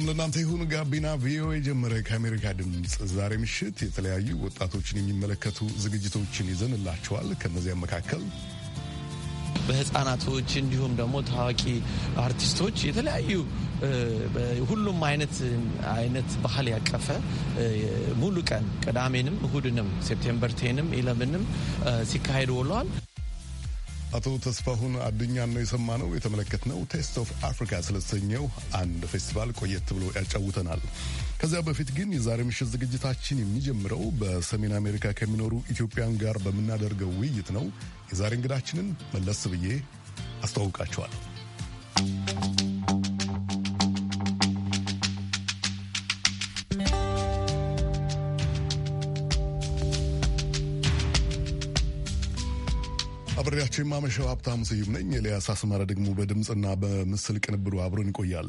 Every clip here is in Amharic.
ሰላም ለእናንተ ይሁን። ጋቢና ቪኦኤ ጀመረ። ከአሜሪካ ድምፅ ዛሬ ምሽት የተለያዩ ወጣቶችን የሚመለከቱ ዝግጅቶችን ይዘንላችኋል። ከእነዚያም መካከል በህፃናቶች እንዲሁም ደግሞ ታዋቂ አርቲስቶች የተለያዩ ሁሉም አይነት አይነት ባህል ያቀፈ ሙሉ ቀን ቅዳሜንም እሁድንም ሴፕቴምበር ቴንም ኢለምንም ሲካሄድ ውሏል። አቶ ተስፋሁን አዱኛን ነው የሰማነው የተመለከትነው። ቴስት ኦፍ አፍሪካ ስለተሰኘው አንድ ፌስቲቫል ቆየት ብሎ ያጫውተናል። ከዚያ በፊት ግን የዛሬ ምሽት ዝግጅታችን የሚጀምረው በሰሜን አሜሪካ ከሚኖሩ ኢትዮጵያን ጋር በምናደርገው ውይይት ነው። የዛሬ እንግዳችንን መለስ ብዬ አስተዋውቃችኋል። አብሬያቸው የማመሸው ሀብታም ስዩም ነኝ። ኤልያስ አስማራ ደግሞ በድምፅና በምስል ቅንብሩ አብሮን ይቆያል።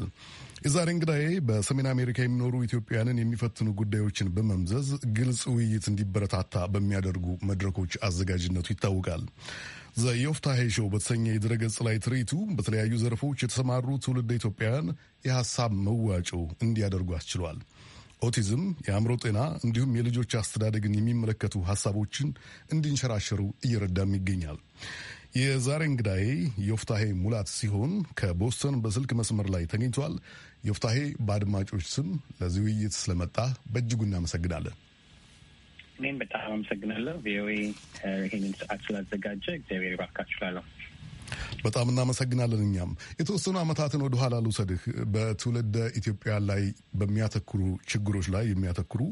የዛሬ እንግዳዬ በሰሜን አሜሪካ የሚኖሩ ኢትዮጵያውያንን የሚፈትኑ ጉዳዮችን በመምዘዝ ግልጽ ውይይት እንዲበረታታ በሚያደርጉ መድረኮች አዘጋጅነቱ ይታወቃል። ዘዮፍታሄ ሾው በተሰኘ የድረገጽ ላይ ትርኢቱ በተለያዩ ዘርፎች የተሰማሩ ትውልድ ኢትዮጵያውያን የሀሳብ መዋጮ እንዲያደርጉ አስችሏል። ኦቲዝም፣ የአእምሮ ጤና እንዲሁም የልጆች አስተዳደግን የሚመለከቱ ሀሳቦችን እንዲንሸራሸሩ እየረዳም ይገኛል። የዛሬ እንግዳዬ ዮፍታሄ ሙላት ሲሆን ከቦስተን በስልክ መስመር ላይ ተገኝቷል። ዮፍታሄ በአድማጮች ስም ለዚህ ውይይት ስለመጣ በእጅጉ እናመሰግናለን። እኔም በጣም አመሰግናለሁ። ቪኦኤ ይህንን ሰዓት ስላዘጋጀ እግዚአብሔር ይባርካችሁ በጣም እናመሰግናለን። እኛም የተወሰኑ ዓመታትን ወደ ኋላ ልውሰድህ። በትውልደ ኢትዮጵያ ላይ በሚያተኩሩ ችግሮች ላይ የሚያተኩሩ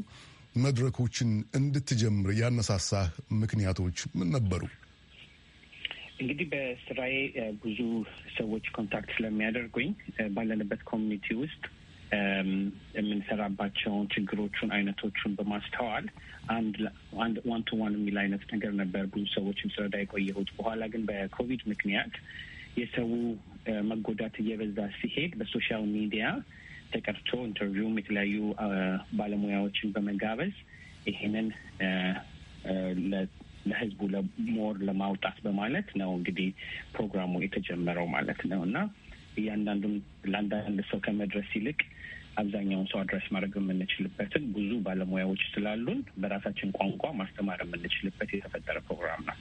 መድረኮችን እንድትጀምር ያነሳሳህ ምክንያቶች ምን ነበሩ? እንግዲህ በስራዬ ብዙ ሰዎች ኮንታክት ስለሚያደርጉኝ ባለንበት ኮሚኒቲ ውስጥ የምንሰራባቸውን ችግሮቹን አይነቶቹን በማስተዋል አንድ ዋን ቱ ዋን የሚል አይነት ነገር ነበር ብዙ ሰዎችም ስረዳ የቆየሁት። በኋላ ግን በኮቪድ ምክንያት የሰው መጎዳት እየበዛ ሲሄድ በሶሻል ሚዲያ ተቀርቶ ኢንተርቪውም የተለያዩ ባለሙያዎችን በመጋበዝ ይሄንን ለህዝቡ ለሞር ለማውጣት በማለት ነው እንግዲህ ፕሮግራሙ የተጀመረው ማለት ነው እና እያንዳንዱም ለአንዳንድ ሰው ከመድረስ ይልቅ አብዛኛውን ሰው አድረስ ማድረግ የምንችልበትን ብዙ ባለሙያዎች ስላሉን በራሳችን ቋንቋ ማስተማር የምንችልበት የተፈጠረ ፕሮግራም ነው።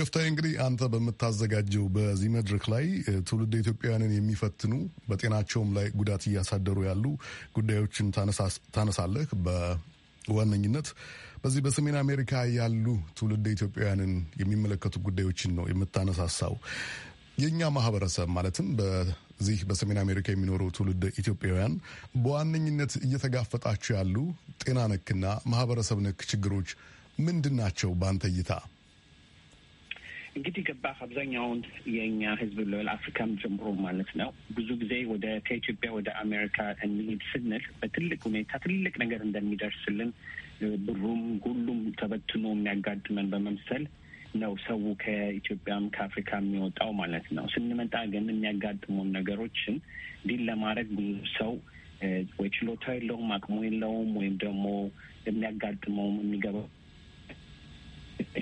ኤፍታይ እንግዲህ አንተ በምታዘጋጀው በዚህ መድረክ ላይ ትውልድ ኢትዮጵያውያንን የሚፈትኑ በጤናቸውም ላይ ጉዳት እያሳደሩ ያሉ ጉዳዮችን ታነሳለህ። በዋነኝነት በዚህ በሰሜን አሜሪካ ያሉ ትውልድ ኢትዮጵያውያንን የሚመለከቱ ጉዳዮችን ነው የምታነሳሳው። የእኛ ማህበረሰብ ማለትም እዚህ በሰሜን አሜሪካ የሚኖሩ ትውልድ ኢትዮጵያውያን በዋነኝነት እየተጋፈጣቸው ያሉ ጤና ነክና ማህበረሰብ ነክ ችግሮች ምንድን ናቸው በአንተ እይታ? እንግዲህ ገባ አብዛኛውን የእኛ ህዝብ ልበል አፍሪካም ጀምሮ ማለት ነው ብዙ ጊዜ ወደ ከኢትዮጵያ ወደ አሜሪካ እንሄድ ስንል በትልቅ ሁኔታ ትልቅ ነገር እንደሚደርስልን ብሩም ሁሉም ተበትኖ የሚያጋድመን በመምሰል ነው ሰው ከኢትዮጵያም ከአፍሪካ የሚወጣው ማለት ነው። ስንመጣ ግን የሚያጋጥሙን ነገሮችን ዲል ለማድረግ ብዙ ሰው ወይ ችሎታ የለውም፣ አቅሙ የለውም፣ ወይም ደግሞ የሚያጋጥመውም የሚገባው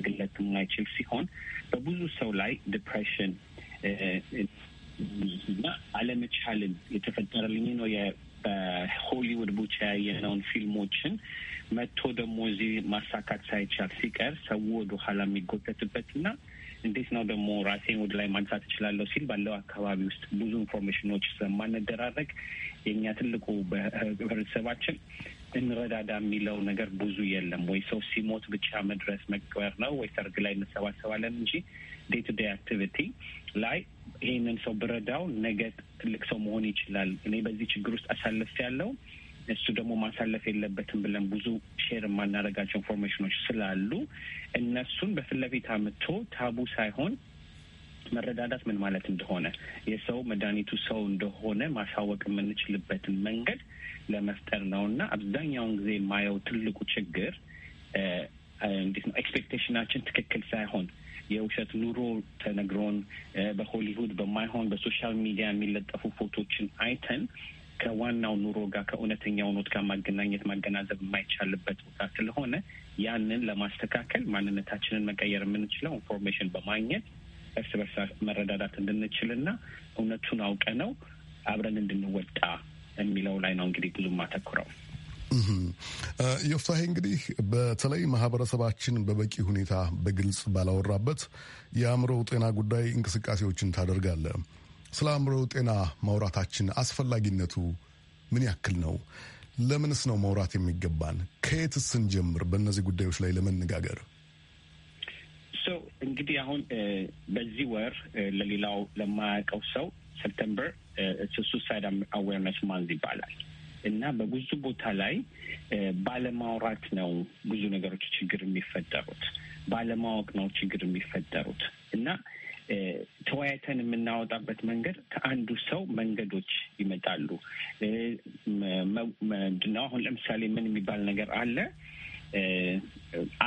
ግለት የማይችል ሲሆን በብዙ ሰው ላይ ዲፕሬሽን እና አለመቻልን የተፈጠረልኝ ነው። በሆሊውድ ብቻ ያየነውን ፊልሞችን መጥቶ ደግሞ እዚህ ማሳካት ሳይቻል ሲቀር ሰው ወደ ኋላ እና እንዴት ነው ደግሞ ራሴን ወደ ላይ ማንሳት እችላለሁ ሲል ባለው አካባቢ ውስጥ ብዙ ኢንፎርሜሽኖች ስለማንደራረግ የእኛ ትልቁ በህብረተሰባችን እንረዳዳ የሚለው ነገር ብዙ የለም ወይ ሰው ሲሞት ብቻ መድረስ መቅበር ነው ወይ ሰርግ ላይ እንሰባሰባለን እንጂ ዴይ ቱ ዴይ አክቲቪቲ ላይ ይህንን ሰው ብረዳው ነገ ትልቅ ሰው መሆን ይችላል። እኔ በዚህ ችግር ውስጥ አሳልፍ ያለው እሱ ደግሞ ማሳለፍ የለበትም ብለን ብዙ ሼር የማናደርጋቸው ኢንፎርሜሽኖች ስላሉ እነሱን በፊት ለፊት አምቶ ታቡ ሳይሆን መረዳዳት ምን ማለት እንደሆነ የሰው መድኃኒቱ ሰው እንደሆነ ማሳወቅ የምንችልበትን መንገድ ለመፍጠር ነው እና አብዛኛውን ጊዜ የማየው ትልቁ ችግር እንዴት ነው ኤክስፔክቴሽናችን ትክክል ሳይሆን የውሸት ኑሮ ተነግሮን በሆሊውድ በማይሆን በሶሻል ሚዲያ የሚለጠፉ ፎቶችን አይተን ከዋናው ኑሮ ጋር ከእውነተኛው ኑሮ ጋር ማገናኘት ማገናዘብ የማይቻልበት ቦታ ስለሆነ ያንን ለማስተካከል ማንነታችንን መቀየር የምንችለው ኢንፎርሜሽን በማግኘት እርስ በርስ መረዳዳት እንድንችልና እውነቱን አውቀ ነው አብረን እንድንወጣ የሚለው ላይ ነው እንግዲህ ብዙ ማተኩረው። ዮፍታሄ እንግዲህ በተለይ ማህበረሰባችን በበቂ ሁኔታ በግልጽ ባላወራበት የአእምሮ ጤና ጉዳይ እንቅስቃሴዎችን ታደርጋለ። ስለ አእምሮ ጤና ማውራታችን አስፈላጊነቱ ምን ያክል ነው? ለምንስ ነው ማውራት የሚገባን? ከየትስ ስንጀምር በእነዚህ ጉዳዮች ላይ ለመነጋገር? እንግዲህ አሁን በዚህ ወር ለሌላው ለማያውቀው ሰው ሰፕተምበር ሱሳይድ አዌርነስ ማንዝ ይባላል እና በብዙ ቦታ ላይ ባለማውራት ነው ብዙ ነገሮች ችግር የሚፈጠሩት፣ ባለማወቅ ነው ችግር የሚፈጠሩት እና ተወያይተን የምናወጣበት መንገድ ከአንዱ ሰው መንገዶች ይመጣሉ። ምንድነው አሁን ለምሳሌ ምን የሚባል ነገር አለ?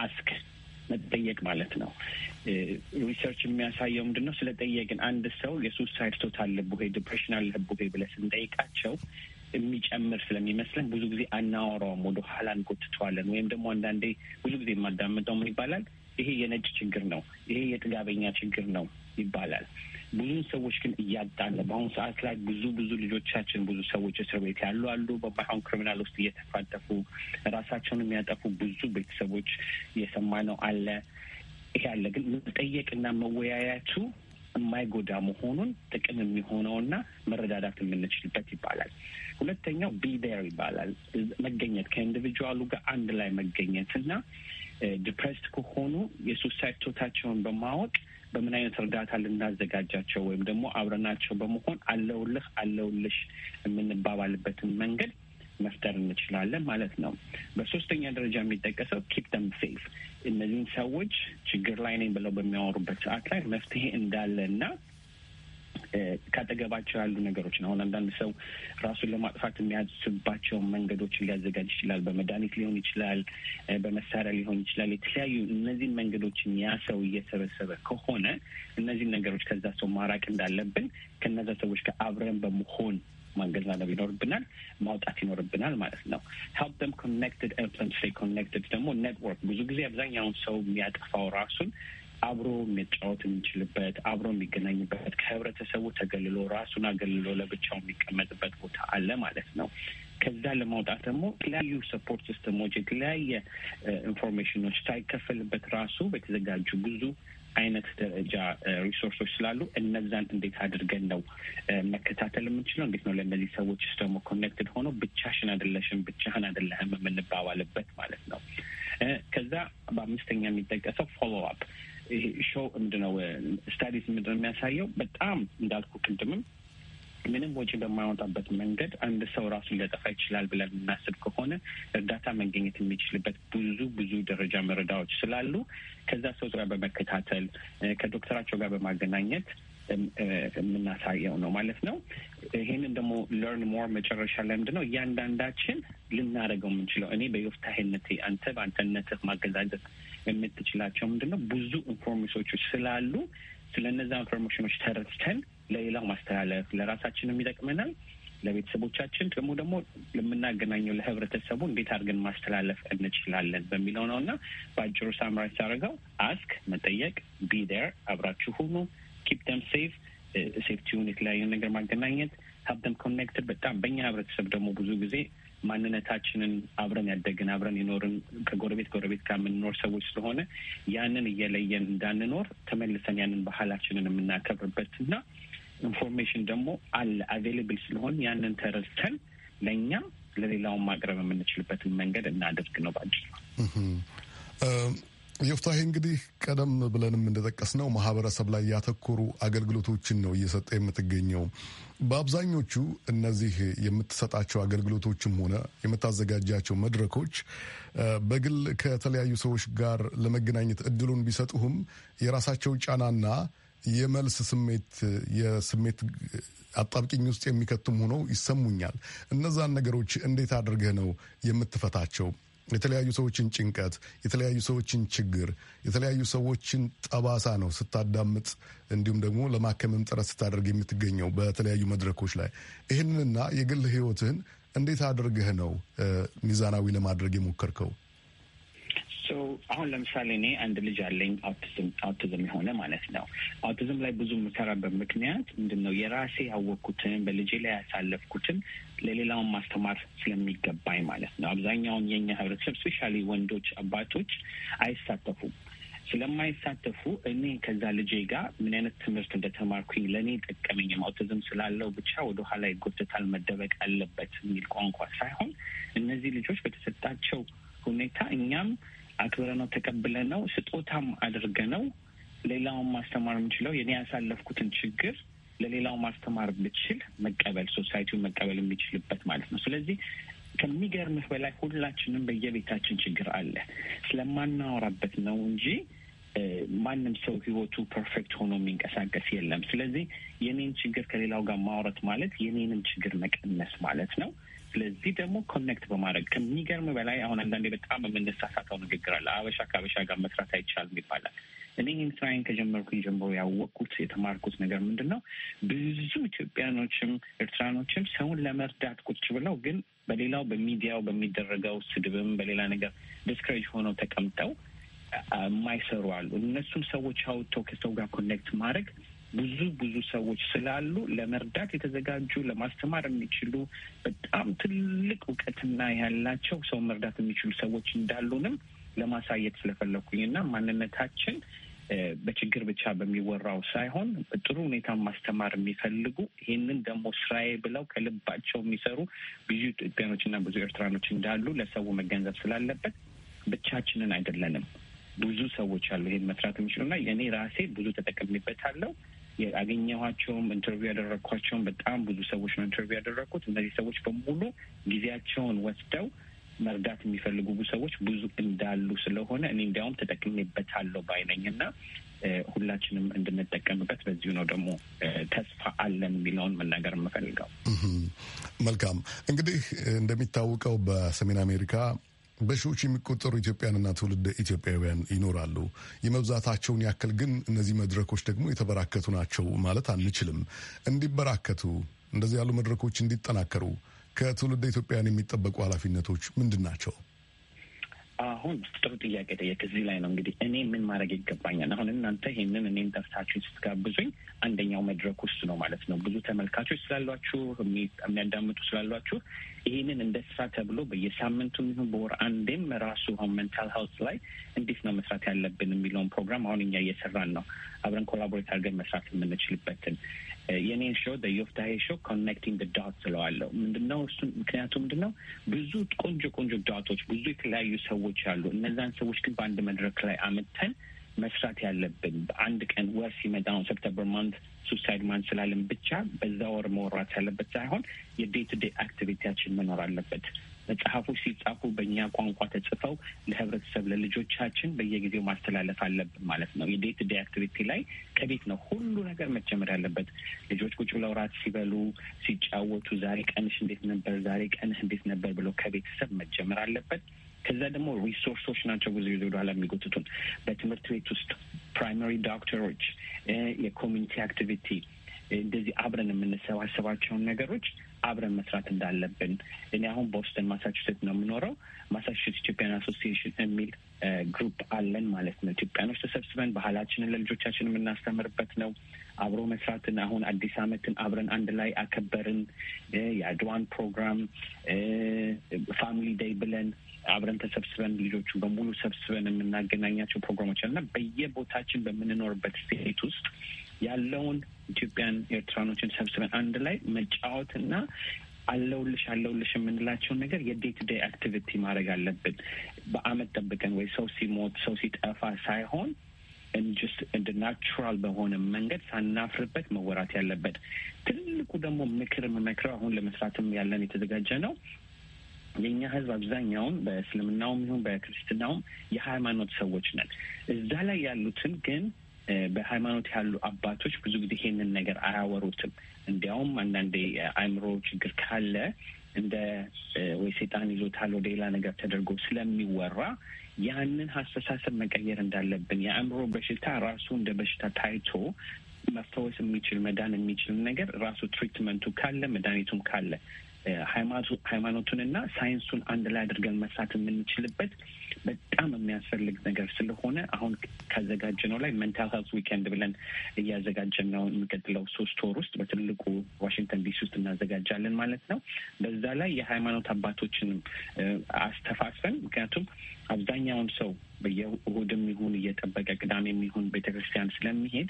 አስክ መጠየቅ ማለት ነው። ሪሰርች የሚያሳየው ምንድን ነው? ስለጠየቅን አንድ ሰው የሱሳይድ ቶት አለብህ ወይ ዲፕሬሽን አለብህ ወይ ብለህ ስንጠይቃቸው የሚጨምር ስለሚመስለን ብዙ ጊዜ አናወራውም፣ ወደ ኋላ እንጎትተዋለን። ወይም ደግሞ አንዳንዴ ብዙ ጊዜ የማዳምጠው ምን ይባላል ይሄ የነጭ ችግር ነው፣ ይሄ የጥጋበኛ ችግር ነው ይባላል። ብዙ ሰዎች ግን እያጣለ በአሁኑ ሰዓት ላይ ብዙ ብዙ ልጆቻችን ብዙ ሰዎች እስር ቤት ያሉ አሉ። በባሁን ክሪሚናል ውስጥ እየተፋጠፉ ራሳቸውን የሚያጠፉ ብዙ ቤተሰቦች እየሰማነው አለ። ይሄ አለ ግን መጠየቅና መወያያቱ የማይጎዳ መሆኑን ጥቅም የሚሆነውና መረዳዳት የምንችልበት ይባላል። ሁለተኛው ቢደር ይባላል። መገኘት ከኢንዲቪጁዋሉ ጋር አንድ ላይ መገኘት እና ዲፕሬስድ ከሆኑ የሱሳይድ ቶታቸውን በማወቅ በምን አይነት እርዳታ ልናዘጋጃቸው ወይም ደግሞ አብረናቸው በመሆን አለውልህ አለውልሽ የምንባባልበትን መንገድ መፍጠር እንችላለን ማለት ነው። በሶስተኛ ደረጃ የሚጠቀሰው ኪፕ ደም ሴፍ፣ እነዚህን ሰዎች ችግር ላይ ነኝ ብለው በሚያወሩበት ሰዓት ላይ መፍትሄ እንዳለ እና ካጠገባቸው ያሉ ነገሮች ነው። አሁን አንዳንድ ሰው ራሱን ለማጥፋት የሚያስባቸውን መንገዶችን ሊያዘጋጅ ይችላል። በመድኃኒት ሊሆን ይችላል፣ በመሳሪያ ሊሆን ይችላል። የተለያዩ እነዚህን መንገዶችን ያ ሰው እየሰበሰበ ከሆነ እነዚህን ነገሮች ከዛ ሰው ማራቅ እንዳለብን ከነዛ ሰዎች ጋር አብረን በመሆን ማገናዘብ ይኖርብናል፣ ማውጣት ይኖርብናል ማለት ነው። ሄልፕ ደም ኮኔክትድ ኤርፕላን ስቴይ ኮኔክትድ ደግሞ ኔትወርክ ብዙ ጊዜ አብዛኛውን ሰው የሚያጠፋው ራሱን አብሮ መጫወት የሚችልበት አብሮ የሚገናኝበት ከህብረተሰቡ ተገልሎ ራሱን አገልሎ ለብቻው የሚቀመጥበት ቦታ አለ ማለት ነው። ከዛ ለማውጣት ደግሞ የተለያዩ ሰፖርት ሲስተሞች፣ የተለያየ ኢንፎርሜሽኖች ሳይከፈልበት ራሱ በተዘጋጁ ብዙ አይነት ደረጃ ሪሶርሶች ስላሉ እነዛን እንዴት አድርገን ነው መከታተል የምንችለው? እንዴት ነው ለእነዚህ ሰዎች ውስጥ ደግሞ ኮኔክትድ ሆኖ ብቻሽን አይደለሽም ብቻህን አይደለህም የምንባባልበት ማለት ነው። ከዛ በአምስተኛ የሚጠቀሰው ፎሎው አፕ ሾው ምንድነው ስታዲስ ምንድነው የሚያሳየው በጣም እንዳልኩ ቅድምም ምንም ወጪ በማያወጣበት መንገድ አንድ ሰው ራሱን ሊያጠፋ ይችላል ብለን የምናስብ ከሆነ እርዳታ መገኘት የሚችልበት ብዙ ብዙ ደረጃ መረዳዎች ስላሉ ከዛ ሰው ጋር በመከታተል ከዶክተራቸው ጋር በማገናኘት የምናሳየው ነው ማለት ነው። ይህንን ደግሞ ለርን ሞር መጨረሻ ላይ ምንድነው እያንዳንዳችን ልናደርገው የምንችለው እኔ በዮፍታሄነቴ አንተ በአንተነትህ ማገዛዘት የምትችላቸው ነው ብዙ ኢንፎርሜሽኖች ስላሉ ስለ እነዛ ኢንፎርሜሽኖች ተረድተን ለሌላው ማስተላለፍ ለራሳችንም ይጠቅመናል ለቤተሰቦቻችን ደግሞ ደግሞ ለምናገናኘው ለህብረተሰቡ እንዴት አድርገን ማስተላለፍ እንችላለን በሚለው ነው እና በአጭሩ ሳምራይ ሳደርገው አስክ መጠየቅ፣ ቢ ዴር አብራችሁ ሁኑ፣ ኪፕ ደም ሴፍ ሴፍቲውን የተለያዩ ነገር ማገናኘት፣ ሀብተም ደም ኮኔክትድ በጣም በእኛ ህብረተሰብ ደግሞ ብዙ ጊዜ ማንነታችንን አብረን ያደግን አብረን ይኖርን ከጎረቤት ጎረቤት ጋር የምንኖር ሰዎች ስለሆነ ያንን እየለየን እንዳንኖር ተመልሰን ያንን ባህላችንን የምናከብርበት እና ኢንፎርሜሽን ደግሞ አለ አቬይላብል ስለሆን ያንን ተረድተን ለእኛም ለሌላውን ማቅረብ የምንችልበትን መንገድ እናደርግ ነው ባጭሩ። የፍታሄ እንግዲህ ቀደም ብለንም እንደጠቀስነው ማህበረሰብ ላይ ያተኮሩ አገልግሎቶችን ነው እየሰጠ የምትገኘው። በአብዛኞቹ እነዚህ የምትሰጣቸው አገልግሎቶችም ሆነ የምታዘጋጃቸው መድረኮች በግል ከተለያዩ ሰዎች ጋር ለመገናኘት እድሉን ቢሰጡህም የራሳቸው ጫናና የመልስ ስሜት የስሜት አጣብቂኝ ውስጥ የሚከቱም ሆነው ይሰሙኛል። እነዛን ነገሮች እንዴት አድርገህ ነው የምትፈታቸው? የተለያዩ ሰዎችን ጭንቀት፣ የተለያዩ ሰዎችን ችግር፣ የተለያዩ ሰዎችን ጠባሳ ነው ስታዳምጥ፣ እንዲሁም ደግሞ ለማከምም ጥረት ስታደርግ የምትገኘው በተለያዩ መድረኮች ላይ ይህንንና የግል ህይወትህን እንዴት አድርገህ ነው ሚዛናዊ ለማድረግ የሞከርከው? አሁን ለምሳሌ እኔ አንድ ልጅ አለኝ አውቲዝም የሆነ ማለት ነው። አውቲዝም ላይ ብዙ የምሰራበት ምክንያት ምንድን ነው? የራሴ ያወቅኩትን በልጄ ላይ ያሳለፍኩትን ለሌላውን ማስተማር ስለሚገባኝ ማለት ነው። አብዛኛውን የኛ ህብረተሰብ ስፔሻሊ ወንዶች አባቶች አይሳተፉም። ስለማይሳተፉ እኔ ከዛ ልጄ ጋር ምን አይነት ትምህርት እንደተማርኩኝ ለእኔ ጠቀመኝ፣ አውቲዝም ስላለው ብቻ ወደኋላ ይጎተታል፣ መደበቅ አለበት የሚል ቋንቋ ሳይሆን እነዚህ ልጆች በተሰጣቸው ሁኔታ እኛም አክብረ ነው ተቀብለ ነው ስጦታም አድርገ ነው ሌላውን ማስተማር የምችለው የኔ ያሳለፍኩትን ችግር ለሌላው ማስተማር ብችል መቀበል ሶሳይቲውን መቀበል የሚችልበት ማለት ነው። ስለዚህ ከሚገርምህ በላይ ሁላችንም በየቤታችን ችግር አለ። ስለማናወራበት ነው እንጂ ማንም ሰው ህይወቱ ፐርፌክት ሆኖ የሚንቀሳቀስ የለም። ስለዚህ የኔን ችግር ከሌላው ጋር ማውረት ማለት የኔንም ችግር መቀነስ ማለት ነው። ስለዚህ ደግሞ ኮኔክት በማድረግ ከሚገርም በላይ አሁን አንዳንዴ በጣም የምንሳሳተው ንግግር አለ። አበሻ ከአበሻ ጋር መስራት አይቻልም ይባላል። እኔ ይህን ስራዬን ከጀመርኩኝ ጀምሮ ያወቅኩት የተማርኩት ነገር ምንድን ነው? ብዙ ኢትዮጵያኖችም ኤርትራኖችም ሰውን ለመርዳት ቁጭ ብለው ግን በሌላው በሚዲያው በሚደረገው ስድብም በሌላ ነገር ዲስክሬጅ ሆነው ተቀምጠው የማይሰሩ አሉ። እነሱም ሰዎች አውጥተው ከሰው ጋር ኮኔክት ማድረግ ብዙ ብዙ ሰዎች ስላሉ ለመርዳት የተዘጋጁ ለማስተማር የሚችሉ በጣም ትልቅ እውቀትና ያላቸው ሰው መርዳት የሚችሉ ሰዎች እንዳሉንም ለማሳየት ስለፈለግኩኝ እና ማንነታችን በችግር ብቻ በሚወራው ሳይሆን በጥሩ ሁኔታ ማስተማር የሚፈልጉ ይህንን ደግሞ ስራዬ ብለው ከልባቸው የሚሰሩ ብዙ ኢትዮጵያኖችና ብዙ ኤርትራኖች እንዳሉ ለሰው መገንዘብ ስላለበት ብቻችንን አይደለንም። ብዙ ሰዎች አሉ ይህን መስራት የሚችሉና የእኔ ራሴ ብዙ ተጠቅሜበታለሁ። ያገኘኋቸውም ኢንተርቪው ያደረግኳቸውም በጣም ብዙ ሰዎች ነው ኢንተርቪው ያደረግኩት። እነዚህ ሰዎች በሙሉ ጊዜያቸውን ወስደው መርዳት የሚፈልጉ ብዙ ሰዎች ብዙ እንዳሉ ስለሆነ እኔ እንዲያውም ተጠቅሜበታለሁ ባይነኝ እና ሁላችንም እንድንጠቀምበት በዚሁ ነው ደግሞ ተስፋ አለን የሚለውን መናገር የምፈልገው። መልካም እንግዲህ እንደሚታወቀው በሰሜን አሜሪካ በሺዎች የሚቆጠሩ ኢትዮጵያንና ትውልደ ኢትዮጵያውያን ይኖራሉ። የመብዛታቸውን ያክል ግን እነዚህ መድረኮች ደግሞ የተበራከቱ ናቸው ማለት አንችልም። እንዲበራከቱ እንደዚህ ያሉ መድረኮች እንዲጠናከሩ ከትውልደ ኢትዮጵያውያን የሚጠበቁ ኃላፊነቶች ምንድን ናቸው? አሁን ጥሩ ጥያቄ ጠየቅ። እዚህ ላይ ነው እንግዲህ እኔ ምን ማድረግ ይገባኛል። አሁን እናንተ ይህንን እኔን ጠርታችሁ ስትጋብዙኝ አንደኛው መድረክ ውስጥ ነው ማለት ነው። ብዙ ተመልካቾች ስላሏችሁ፣ የሚያዳምጡ ስላሏችሁ ይህንን እንደ ስራ ተብሎ በየሳምንቱ ይሁን በወር አንዴም ራሱ አሁን መንታል ሀውስ ላይ እንዴት ነው መስራት ያለብን የሚለውን ፕሮግራም አሁን እኛ እየሰራን ነው። አብረን ኮላቦሬት አድርገን መስራት የምንችልበትን የኔን ሾ የዮፍታሄ ሾ ኮኔክቲንግ ዳት ስለዋለው ምንድነው እሱ ምክንያቱ ምንድነው ብዙ ቆንጆ ቆንጆ ዳቶች ብዙ የተለያዩ ሰዎች አሉ እነዛን ሰዎች ግን በአንድ መድረክ ላይ አመጥተን መስራት ያለብን በአንድ ቀን ወር ሲመጣ ነው ሰፕተምበር ማንት ሱሳይድ ማንት ስላለን ብቻ በዛ ወር መወራት ያለበት ሳይሆን የዴይ ቱ ዴይ አክቲቪቲያችን መኖር አለበት መጽሐፎች ሲጻፉ በእኛ ቋንቋ ተጽፈው ለህብረተሰብ ለልጆቻችን በየጊዜው ማስተላለፍ አለብን ማለት ነው። የዴይ ቱ ዴይ አክቲቪቲ ላይ ከቤት ነው ሁሉ ነገር መጀመር ያለበት። ልጆች ቁጭ ብለው ራት ሲበሉ፣ ሲጫወቱ ዛሬ ቀንሽ እንዴት ነበር፣ ዛሬ ቀንህ እንዴት ነበር ብለው ከቤተሰብ መጀመር አለበት። ከዛ ደግሞ ሪሶርሶች ናቸው ብዙ ጊዜ ወደኋላ የሚጎትቱን በትምህርት ቤት ውስጥ ፕራይማሪ ዶክተሮች፣ የኮሚኒቲ አክቲቪቲ እንደዚህ አብረን የምንሰባሰባቸውን ነገሮች አብረን መስራት እንዳለብን እኔ አሁን ቦስተን ማሳቹሴት ነው የምኖረው። ማሳቹሴት ኢትዮጵያን አሶሲዬሽን የሚል ግሩፕ አለን ማለት ነው። ኢትዮጵያኖች ተሰብስበን ባህላችንን ለልጆቻችን የምናስተምርበት ነው። አብሮ መስራትን አሁን አዲስ ዓመትን አብረን አንድ ላይ አከበርን። የአድዋን ፕሮግራም ፋሚሊ ደይ ብለን አብረን ተሰብስበን ልጆቹ በሙሉ ሰብስበን የምናገናኛቸው ፕሮግራሞች አለና በየቦታችን በምንኖርበት ስቴት ውስጥ ያለውን ኢትዮጵያን ኤርትራኖችን ሰብስበን አንድ ላይ መጫወትና አለውልሽ አለውልሽ የምንላቸውን ነገር የዴይ ቱ ዴይ አክቲቪቲ ማድረግ አለብን። በአመት ጠብቀን ወይ ሰው ሲሞት ሰው ሲጠፋ ሳይሆን እንጅስ እንደ ናቹራል በሆነ መንገድ ሳናፍርበት መወራት ያለበት። ትልቁ ደግሞ ምክር የምመክረው አሁን ለመስራትም ያለን የተዘጋጀ ነው። የእኛ ህዝብ አብዛኛውን በእስልምናውም ይሁን በክርስትናውም የሃይማኖት ሰዎች ነን። እዛ ላይ ያሉትን ግን በሃይማኖት ያሉ አባቶች ብዙ ጊዜ ይሄንን ነገር አያወሩትም። እንዲያውም አንዳንዴ አእምሮ ችግር ካለ እንደ ወይ ሴጣን ይዞታል ወደ ሌላ ነገር ተደርጎ ስለሚወራ ያንን አስተሳሰብ መቀየር እንዳለብን የአእምሮ በሽታ ራሱ እንደ በሽታ ታይቶ መፈወስ የሚችል መዳን የሚችል ነገር ራሱ ትሪትመንቱ ካለ መድኃኒቱም ካለ ሃይማኖቱንና ሳይንሱን አንድ ላይ አድርገን መስራት የምንችልበት በጣም የሚያስፈልግ ነገር ስለሆነ አሁን ነው ላይ መንታል ሄልት ዊኬንድ ብለን እያዘጋጀን ነው። የሚቀጥለው ሶስት ወር ውስጥ በትልቁ ዋሽንግተን ዲሲ ውስጥ እናዘጋጃለን ማለት ነው። በዛ ላይ የሃይማኖት አባቶችን አስተፋፈን ምክንያቱም አብዛኛውን ሰው በየእሁድም ይሁን እየጠበቀ ቅዳሜም ይሁን ቤተክርስቲያን ስለሚሄድ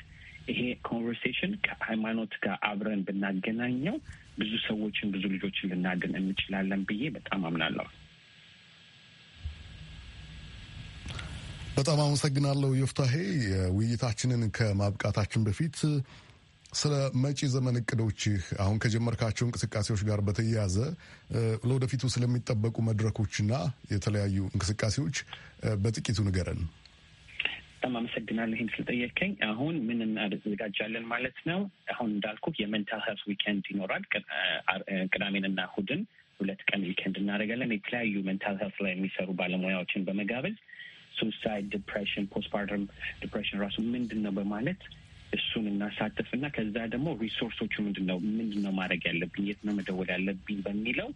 ይሄ ኮንቨርሴሽን ከሃይማኖት ጋር አብረን ብናገናኘው ብዙ ሰዎችን ብዙ ልጆችን ልናድን እንችላለን ብዬ በጣም አምናለሁ። በጣም አመሰግናለሁ ዮፍታሄ። ውይይታችንን ከማብቃታችን በፊት ስለ መጪ ዘመን እቅዶችህ አሁን ከጀመርካቸው እንቅስቃሴዎች ጋር በተያያዘ ለወደፊቱ ስለሚጠበቁ መድረኮችና የተለያዩ እንቅስቃሴዎች በጥቂቱ ንገረን። በጣም አመሰግናለሁ ይህን ስለጠየቀኝ። አሁን ምን እናዘጋጃለን ማለት ነው? አሁን እንዳልኩ የመንታል ሄልት ዊኬንድ ይኖራል። ቅዳሜንና እሁድን ሁለት ቀን ዊኬንድ እናደርጋለን። የተለያዩ መንታል ሄልት ላይ የሚሰሩ ባለሙያዎችን በመጋበዝ ሱሳይድ፣ ዲፕሬሽን፣ ፖስትፓርተም ዲፕሬሽን ራሱ ምንድን ነው በማለት እሱን እናሳተፍ እና ከዛ ደግሞ ሪሶርሶቹ ምንድን ነው ምንድን ነው ማድረግ ያለብኝ የት ነው መደወል ያለብኝ በሚለው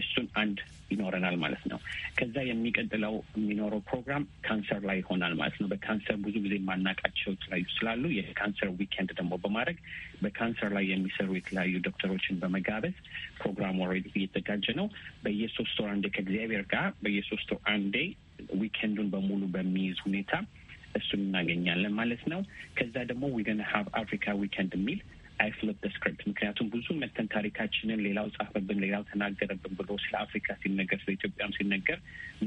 እሱን አንድ ይኖረናል ማለት ነው። ከዛ የሚቀጥለው የሚኖረው ፕሮግራም ካንሰር ላይ ይሆናል ማለት ነው። በካንሰር ብዙ ጊዜ ማናቃቸው የተለያዩ ስላሉ የካንሰር ዊኬንድ ደግሞ በማድረግ በካንሰር ላይ የሚሰሩ የተለያዩ ዶክተሮችን በመጋበዝ ፕሮግራም ኦልሬዲ እየተዘጋጀ ነው። በየሶስት ወር አንዴ ከእግዚአብሔር ጋር በየሶስት ወር አንዴ ዊኬንዱን በሙሉ በሚይዝ ሁኔታ እሱን እናገኛለን ማለት ነው። ከዛ ደግሞ ዊገን ሀብ አፍሪካ ዊኬንድ የሚል አይፍለጥ ስክሪፕት ምክንያቱም ብዙ መተን ታሪካችንን ሌላው ጻፈብን፣ ሌላው ተናገረብን ብሎ ስለ አፍሪካ ሲነገር ስለ ኢትዮጵያም ሲነገር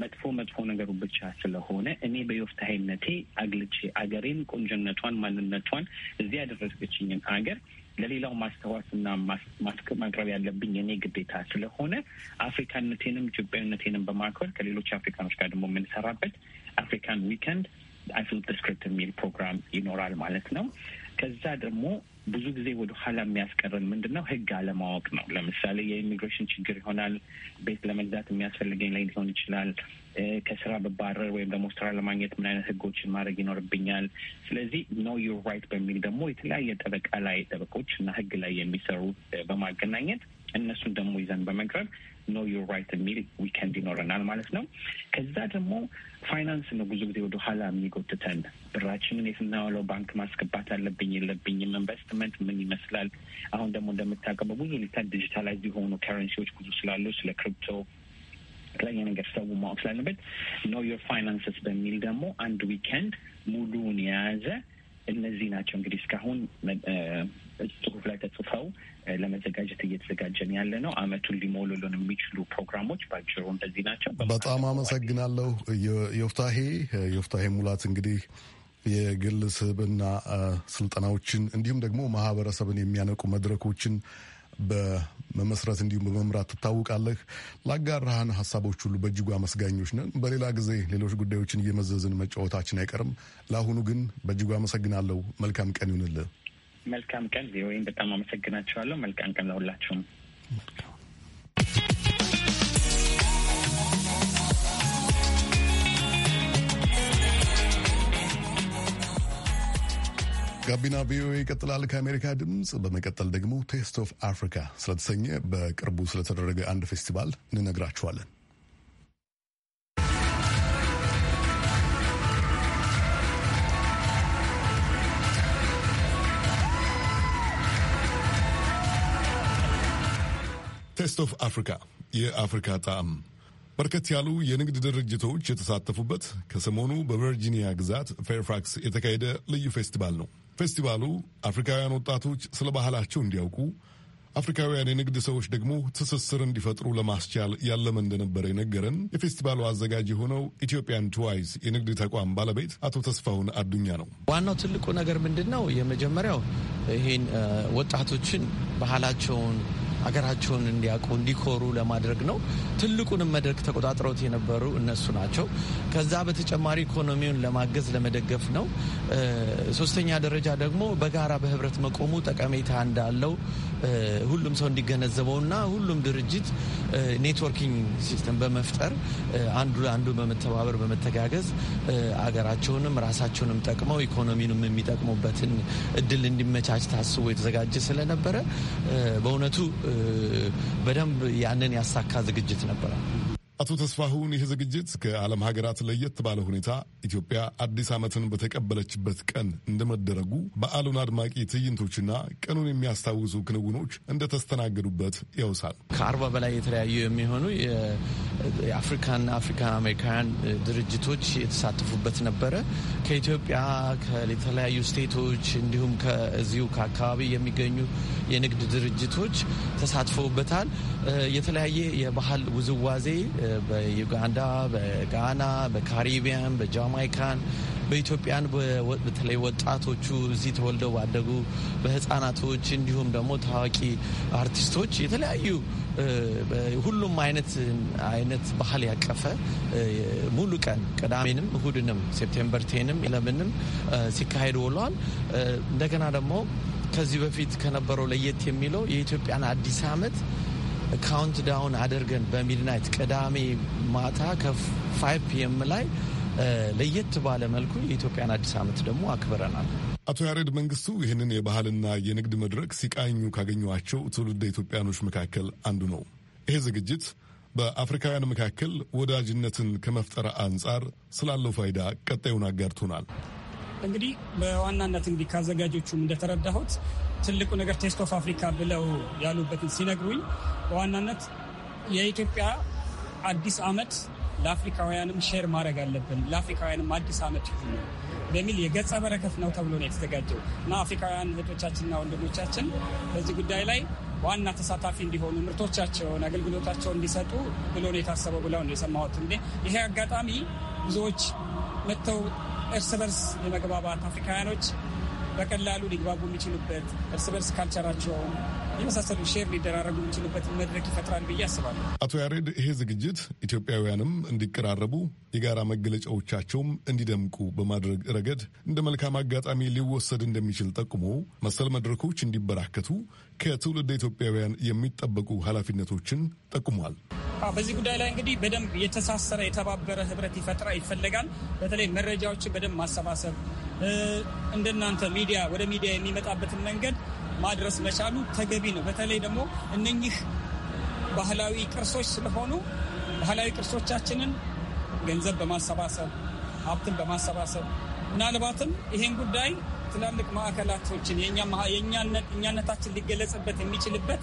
መጥፎ መጥፎ ነገሩ ብቻ ስለሆነ እኔ በየፍትሀይነቴ አግልቼ አገሬን፣ ቆንጆነቷን፣ ማንነቷን እዚህ ያደረገችኝን አገር ለሌላው ማስተዋስና ማቅረብ ያለብኝ የኔ ግዴታ ስለሆነ አፍሪካነቴንም ኢትዮጵያዊነቴንም በማክበር ከሌሎች አፍሪካኖች ጋር ደግሞ የምንሰራበት አፍሪካን ዊከንድ አይፍልፕ ስክሪፕት የሚል ፕሮግራም ይኖራል ማለት ነው። ከዛ ደግሞ ብዙ ጊዜ ወደ ኋላ የሚያስቀርን ምንድን ነው? ህግ አለማወቅ ነው። ለምሳሌ የኢሚግሬሽን ችግር ይሆናል። ቤት ለመግዛት የሚያስፈልገኝ ላይ ሊሆን ይችላል። ከስራ በባረር ወይም ደግሞ ስራ ለማግኘት ምን አይነት ህጎችን ማድረግ ይኖርብኛል? ስለዚህ ኖ ዩር ራይት በሚል ደግሞ የተለያየ ጠበቃ ላይ ጠበቆች እና ህግ ላይ የሚሰሩ በማገናኘት እነሱን ደግሞ ይዘን በመቅረብ no, you're right, the we can be not an animal. No, because that a more finance in the Buzuk de go to ten. But Rachin is now a bank investment, many meslal, and the Mundamitaka, but we to digitalize the whole currency, which could slow crypto. Playing and get some marks a Know your finances, Ben Mildamo, and weekend, Muduniaze. እነዚህ ናቸው እንግዲህ እስካሁን ጽሁፍ ላይ ተጽፈው ለመዘጋጀት እየተዘጋጀን ያለ ነው። አመቱን ሊሞሉልን የሚችሉ ፕሮግራሞች ባጭሩ እንደዚህ ናቸው። በጣም አመሰግናለሁ። ዮፍታሄ ዮፍታሄ ሙላት እንግዲህ የግል ስብና ስልጠናዎችን እንዲሁም ደግሞ ማህበረሰብን የሚያነቁ መድረኮችን በመመስረት እንዲሁም በመምራት ትታወቃለህ። ላጋራህን ሀሳቦች ሁሉ በእጅጉ አመስጋኞች ነን። በሌላ ጊዜ ሌሎች ጉዳዮችን እየመዘዝን መጫወታችን አይቀርም። ለአሁኑ ግን በእጅጉ አመሰግናለሁ። መልካም ቀን ይሁንልህ። መልካም ቀን። ቪኦኤን በጣም አመሰግናቸዋለሁ። መልካም ቀን ወይም በጣም አመሰግናቸዋለሁ መልካም ቀን ለሁላችሁም ጋቢና ቪኦኤ ይቀጥላል። ከአሜሪካ ድምፅ በመቀጠል ደግሞ ቴስት ኦፍ አፍሪካ ስለተሰኘ በቅርቡ ስለተደረገ አንድ ፌስቲቫል እንነግራችኋለን። ቴስት ኦፍ አፍሪካ የአፍሪካ ጣዕም በርከት ያሉ የንግድ ድርጅቶች የተሳተፉበት ከሰሞኑ በቨርጂኒያ ግዛት ፌርፋክስ የተካሄደ ልዩ ፌስቲቫል ነው። ፌስቲቫሉ አፍሪካውያን ወጣቶች ስለ ባህላቸው እንዲያውቁ፣ አፍሪካውያን የንግድ ሰዎች ደግሞ ትስስር እንዲፈጥሩ ለማስቻል ያለመ እንደነበረ የነገረን የፌስቲቫሉ አዘጋጅ የሆነው ኢትዮጵያን ቱዋይዝ የንግድ ተቋም ባለቤት አቶ ተስፋሁን አዱኛ ነው። ዋናው ትልቁ ነገር ምንድን ነው? የመጀመሪያው ይህን ወጣቶችን ባህላቸውን ሀገራቸውን እንዲያውቁ እንዲኮሩ ለማድረግ ነው። ትልቁንም መድረክ ተቆጣጥረውት የነበሩ እነሱ ናቸው። ከዛ በተጨማሪ ኢኮኖሚውን ለማገዝ ለመደገፍ ነው። ሶስተኛ ደረጃ ደግሞ በጋራ በህብረት መቆሙ ጠቀሜታ እንዳለው ሁሉም ሰው እንዲገነዘበው እና ሁሉም ድርጅት ኔትወርኪንግ ሲስተም በመፍጠር አንዱ አንዱ በመተባበር በመተጋገዝ አገራቸውንም ራሳቸውንም ጠቅመው ኢኮኖሚንም የሚጠቅሙበትን እድል እንዲመቻች ታስቦ የተዘጋጀ ስለነበረ በእውነቱ በደንብ ያንን ያሳካ ዝግጅት ነበረ። አቶ ተስፋሁን ይህ ዝግጅት ከዓለም ሀገራት ለየት ባለ ሁኔታ ኢትዮጵያ አዲስ ዓመትን በተቀበለችበት ቀን እንደመደረጉ በዓሉን አድማቂ ትዕይንቶችና ቀኑን የሚያስታውሱ ክንውኖች እንደተስተናገዱበት ያውሳል። ከአርባ በላይ የተለያዩ የሚሆኑ የአፍሪካና አፍሪካን አሜሪካውያን ድርጅቶች የተሳተፉበት ነበረ። ከኢትዮጵያ ከተለያዩ ስቴቶች እንዲሁም ከዚሁ ከአካባቢ የሚገኙ የንግድ ድርጅቶች ተሳትፈውበታል። የተለያየ የባህል ውዝዋዜ በዩጋንዳ፣ በጋና፣ በካሪቢያን፣ በጃማይካን በኢትዮጵያን በተለይ ወጣቶቹ እዚህ ተወልደው ባደጉ በህፃናቶች እንዲሁም ደግሞ ታዋቂ አርቲስቶች የተለያዩ ሁሉም አይነት አይነት ባህል ያቀፈ ሙሉ ቀን ቅዳሜንም እሁድንም ሴፕቴምበር ቴንም ለምንም ሲካሄድ ውሏል። እንደገና ደግሞ ከዚህ በፊት ከነበረው ለየት የሚለው የኢትዮጵያን አዲስ ዓመት ካውንት ዳውን አድርገን በሚድናይት ቅዳሜ ማታ ከፋይቭ ፒኤም ላይ ለየት ባለ መልኩ የኢትዮጵያን አዲስ ዓመት ደግሞ አክብረናል። አቶ ያሬድ መንግስቱ ይህንን የባህልና የንግድ መድረክ ሲቃኙ ካገኟቸው ትውልደ ኢትዮጵያኖች መካከል አንዱ ነው። ይሄ ዝግጅት በአፍሪካውያን መካከል ወዳጅነትን ከመፍጠር አንጻር ስላለው ፋይዳ ቀጣዩን አጋርቶናል። እንግዲህ በዋናነት እንግዲህ ከአዘጋጆቹም እንደተረዳሁት ትልቁ ነገር ቴስት ኦፍ አፍሪካ ብለው ያሉበትን ሲነግሩኝ በዋናነት የኢትዮጵያ አዲስ ዓመት ለአፍሪካውያንም ሼር ማድረግ አለብን፣ ለአፍሪካውያንም አዲስ ዓመት ይሁን በሚል የገጸ በረከት ነው ተብሎ ነው የተዘጋጀው እና አፍሪካውያን እህቶቻችንና ወንድሞቻችን በዚህ ጉዳይ ላይ ዋና ተሳታፊ እንዲሆኑ ምርቶቻቸውን፣ አገልግሎታቸውን እንዲሰጡ ብሎ ነው የታሰበው ብለው ነው የሰማሁት። ይሄ አጋጣሚ ብዙዎች መጥተው እርስ በርስ የመግባባት አፍሪካውያኖች በቀላሉ ሊግባቡ የሚችሉበት እርስ በርስ ካልቸራቸውን የመሳሰሉ ሼር ሊደራረጉ የሚችሉበት መድረክ ይፈጥራል ብዬ አስባለሁ። አቶ ያሬድ፣ ይሄ ዝግጅት ኢትዮጵያውያንም እንዲቀራረቡ የጋራ መገለጫዎቻቸውም እንዲደምቁ በማድረግ ረገድ እንደ መልካም አጋጣሚ ሊወሰድ እንደሚችል ጠቁሞ መሰል መድረኮች እንዲበራከቱ ከትውልድ ኢትዮጵያውያን የሚጠበቁ ኃላፊነቶችን ጠቁሟል። በዚህ ጉዳይ ላይ እንግዲህ በደንብ የተሳሰረ የተባበረ ህብረት ይፈጥራ ይፈለጋል። በተለይ መረጃዎችን በደንብ ማሰባሰብ እንደናንተ ሚዲያ ወደ ሚዲያ የሚመጣበትን መንገድ ማድረስ መቻሉ ተገቢ ነው። በተለይ ደግሞ እነኚህ ባህላዊ ቅርሶች ስለሆኑ ባህላዊ ቅርሶቻችንን ገንዘብ በማሰባሰብ ሀብትን በማሰባሰብ ምናልባትም ይሄን ጉዳይ ትላልቅ ማዕከላቶችን የእኛነታችን ሊገለጽበት የሚችልበት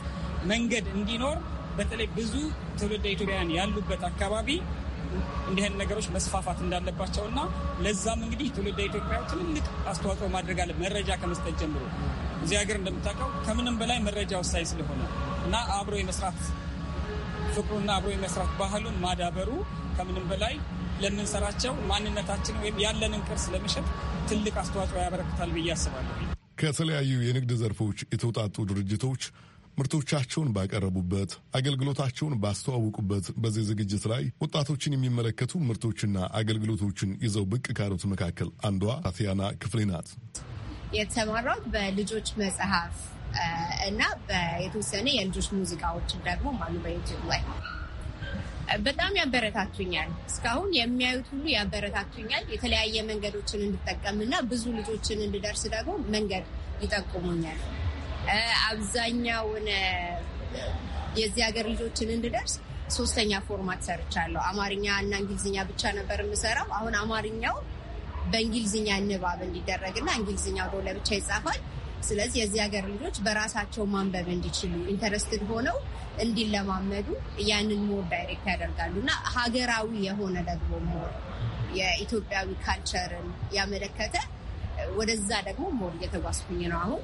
መንገድ እንዲኖር በተለይ ብዙ ትውልደ ኢትዮጵያውያን ያሉበት አካባቢ እንዲህን ነገሮች መስፋፋት እንዳለባቸውና ለዛም እንግዲህ ትውልደ ኢትዮጵያ ትልልቅ አስተዋጽኦ ማድረግ አለ። መረጃ ከመስጠት ጀምሮ እዚህ ሀገር እንደምታውቀው ከምንም በላይ መረጃ ወሳኝ ስለሆነ እና አብሮ የመስራት ፍቅሩና አብሮ የመስራት ባህሉን ማዳበሩ ከምንም በላይ ለምንሰራቸው ማንነታችን ወይም ያለንን ቅርስ ለመሸጥ ትልቅ አስተዋጽኦ ያበረክታል ብዬ አስባለሁ። ከተለያዩ የንግድ ዘርፎች የተውጣጡ ድርጅቶች ምርቶቻቸውን ባቀረቡበት፣ አገልግሎታቸውን ባስተዋውቁበት በዚህ ዝግጅት ላይ ወጣቶችን የሚመለከቱ ምርቶችና አገልግሎቶችን ይዘው ብቅ ካሉት መካከል አንዷ ታትያና ክፍሌ ናት። የተሰማራሁት በልጆች መጽሐፍ እና የተወሰነ የልጆች ሙዚቃዎችን ደግሞ ማሉ በዩቲዩብ ላይ በጣም ያበረታቱኛል። እስካሁን የሚያዩት ሁሉ ያበረታቱኛል። የተለያየ መንገዶችን እና ብዙ ልጆችን እንድደርስ ደግሞ መንገድ ይጠቁሙኛል። አብዛኛውን የዚህ ሀገር ልጆችን እንድደርስ ሶስተኛ ፎርማት ሰርቻለሁ። አማርኛ እና እንግሊዝኛ ብቻ ነበር የምሰራው። አሁን አማርኛው በእንግሊዝኛ ንባብ እንዲደረግና እንግሊዝኛው ለብቻ ይጻፋል። ስለዚህ የዚህ ሀገር ልጆች በራሳቸው ማንበብ እንዲችሉ ኢንተረስትድ ሆነው እንዲለማመዱ ያንን ሞር ዳይሬክት ያደርጋሉ እና ሀገራዊ የሆነ ደግሞ ሞር የኢትዮጵያዊ ካልቸርን ያመለከተ ወደዛ ደግሞ ሞር እየተጓዝኩኝ ነው። አሁን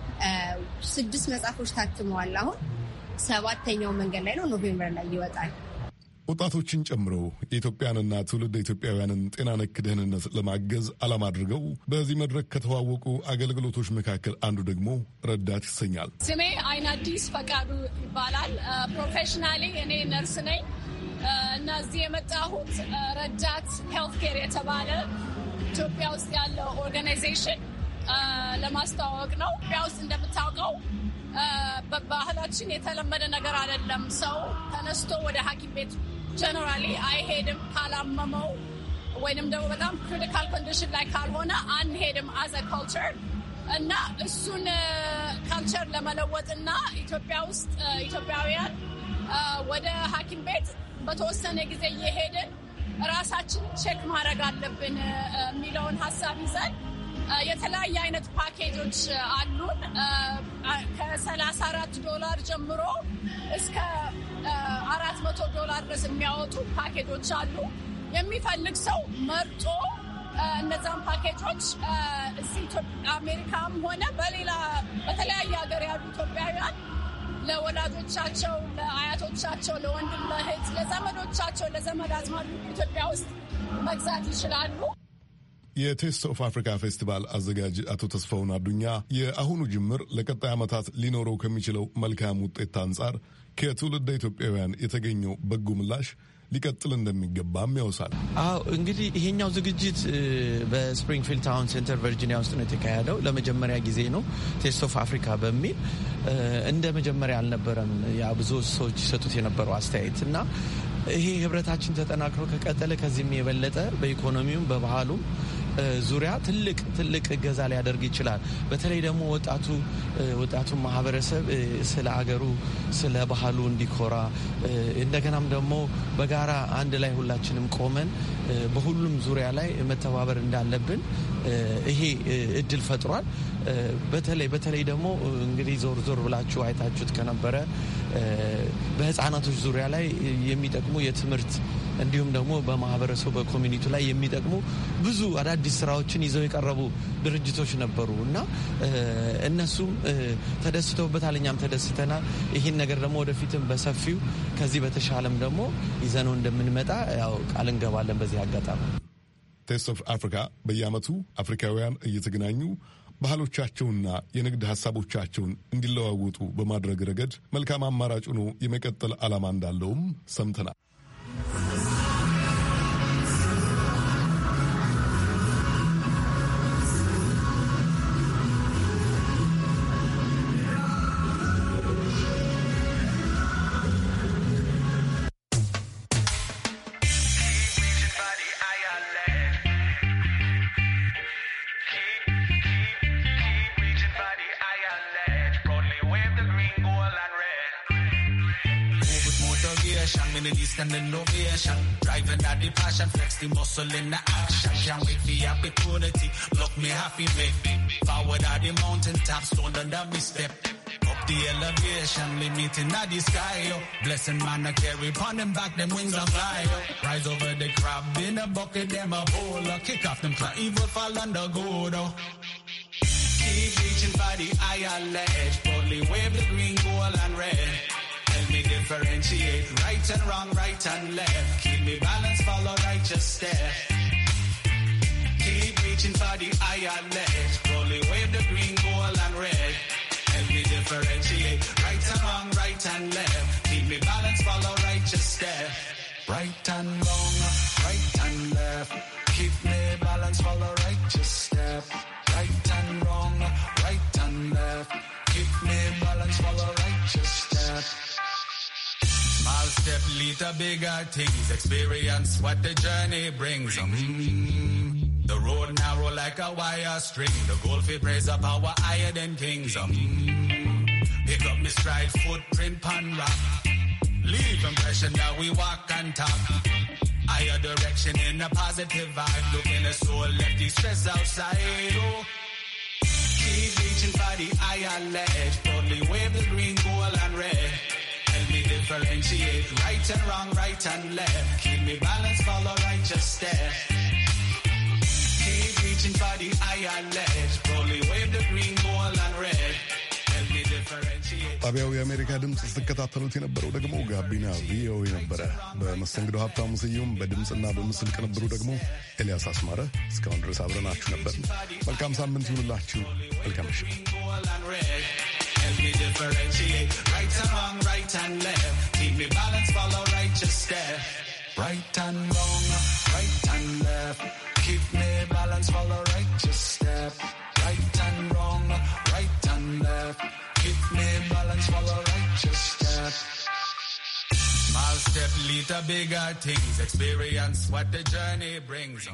ስድስት መጽሐፎች ታትመዋል። አሁን ሰባተኛው መንገድ ላይ ነው፣ ኖቬምበር ላይ ይወጣል። ወጣቶችን ጨምሮ የኢትዮጵያንና ትውልድ ኢትዮጵያውያንን ጤና ነክ ደህንነት ለማገዝ ዓላማ አድርገው በዚህ መድረክ ከተዋወቁ አገልግሎቶች መካከል አንዱ ደግሞ ረዳት ይሰኛል። ስሜ አይን አዲስ ፈቃዱ ይባላል። ፕሮፌሽናሊ እኔ ነርስ ነኝ እና እዚህ የመጣሁት ረዳት ሄልት ኬር የተባለ ኢትዮጵያ ውስጥ ያለው ኦርጋናይዜሽን ለማስተዋወቅ ነው። ኢትዮጵያ ውስጥ እንደምታውቀው በባህላችን የተለመደ ነገር አይደለም። ሰው ተነስቶ ወደ ሐኪም ቤት ጀነራሊ አይሄድም ካላመመው ወይንም ደግሞ በጣም ክሪቲካል ኮንዲሽን ላይ ካልሆነ አንሄድም አዘ ካልቸር እና እሱን ካልቸር ለመለወጥ እና ኢትዮጵያ ውስጥ ኢትዮጵያውያን ወደ ሐኪም ቤት በተወሰነ ጊዜ እየሄድን ራሳችን ቼክ ማድረግ አለብን የሚለውን ሀሳብ ይዘን የተለያየ አይነት ፓኬጆች አሉን ከሰላሳ አራት ዶላር ጀምሮ እስከ አራት መቶ ዶላር ድረስ የሚያወጡ ፓኬጆች አሉ። የሚፈልግ ሰው መርጦ እነዛን ፓኬጆች እዚህ አሜሪካም ሆነ በሌላ በተለያየ ሀገር ያሉ ኢትዮጵያውያን ለወላጆቻቸው፣ ለአያቶቻቸው፣ ለወንድም፣ ለእህት፣ ለዘመዶቻቸው፣ ለዘመድ አዝማዱ ኢትዮጵያ ውስጥ መግዛት ይችላሉ። የቴስት ኦፍ አፍሪካ ፌስቲቫል አዘጋጅ አቶ ተስፋውን አዱኛ የአሁኑ ጅምር ለቀጣይ ዓመታት ሊኖረው ከሚችለው መልካም ውጤት አንጻር ከትውልደ ኢትዮጵያውያን የተገኘው በጎ ምላሽ ሊቀጥል እንደሚገባም ያውሳል። አዎ እንግዲህ ይሄኛው ዝግጅት በስፕሪንግፊልድ ታውን ሴንተር ቨርጂኒያ ውስጥ ነው የተካሄደው። ለመጀመሪያ ጊዜ ነው ቴስት ኦፍ አፍሪካ በሚል እንደ መጀመሪያ አልነበረም። ያ ብዙ ሰዎች ይሰጡት የነበረው አስተያየት እና ይሄ ህብረታችን ተጠናክሮ ከቀጠለ ከዚህም የበለጠ በኢኮኖሚውም በባህሉም ዙሪያ ትልቅ ትልቅ እገዛ ሊያደርግ ይችላል። በተለይ ደግሞ ወጣቱ ወጣቱ ማህበረሰብ ስለ አገሩ ስለ ባህሉ እንዲኮራ እንደገናም ደግሞ በጋራ አንድ ላይ ሁላችንም ቆመን በሁሉም ዙሪያ ላይ መተባበር እንዳለብን ይሄ እድል ፈጥሯል። በተለይ በተለይ ደግሞ እንግዲህ ዞር ዞር ብላችሁ አይታችሁት ከነበረ በህፃናቶች ዙሪያ ላይ የሚጠቅሙ የትምህርት እንዲሁም ደግሞ በማህበረሰቡ በኮሚኒቱ ላይ የሚጠቅሙ ብዙ አዳዲስ ስራዎችን ይዘው የቀረቡ ድርጅቶች ነበሩ እና እነሱም ተደስተውበታል፣ እኛም ተደስተናል። ይህን ነገር ደግሞ ወደፊትም በሰፊው ከዚህ በተሻለም ደግሞ ይዘነው እንደምንመጣ ያው ቃል እንገባለን። በዚህ አጋጣሚ ቴስት ኦፍ አፍሪካ በየአመቱ አፍሪካውያን እየተገናኙ ባህሎቻቸውና የንግድ ሀሳቦቻቸውን እንዲለዋወጡ በማድረግ ረገድ መልካም አማራጭ ሆኖ የመቀጠል ዓላማ እንዳለውም ሰምተናል። standing innovation, Driving at the passion, flex the muscle in the action. Can't wait for the opportunity. Look me happy, make Forward at the mountain tops, stone under me step. Up the elevation, limiting at the sky. Yo. Blessing man, I carry upon them back, them wings on fly. Yo. Rise over the crab in a bucket, them a bowler. Kick off them claw, evil fall under gold. Oh. Keep reaching for the higher ledge, boldly wave the green, gold, and red differentiate right and wrong, right and left. Keep me balanced, follow righteous steps. Keep reaching for the higher ledge. Only wave the green, gold, and red. Help me differentiate right and wrong, right and left. Keep me balanced, follow righteous steps. Right and wrong, right and left. Keep me balanced, follow righteous step. Right and wrong, right and left step lead bigger things. Experience what the journey brings. Mm. The road narrow like a wire string. The goal fi praise a power higher than kings. Mm. Pick up me stride, footprint pan rock. Leave impression that we walk and talk. Higher direction in a positive vibe. Look in the soul, left the stress outside. Oh. Keep reaching for the higher ledge. Boldly wave the green, gold and red. differentiate right and wrong, right and left. Keep me balanced, follow righteous steps. Keep reaching for the higher ledge. Probably wave the green, gold, and red. ጣቢያው የአሜሪካ ድምፅ ስትከታተሉት የነበረው ደግሞ ጋቢና ቪኦኤ ነበረ። በመስተንግዶ ሀብታሙ ስዩም፣ በድምፅና በምስል ቅንብሩ ደግሞ ኤልያስ አስማረ። እስካሁን ድረስ አብረናችሁ ነበር። መልካም ሳምንት ይሁንላችሁ። መልካም ምሽት። help me differentiate right and wrong, right and left. Keep me balanced, follow righteous step. Right and wrong, right and left. Keep me balanced, follow righteous step. Right and wrong, right and left. Keep me balanced, follow righteous step. Small step lead to bigger things. Experience what the journey brings.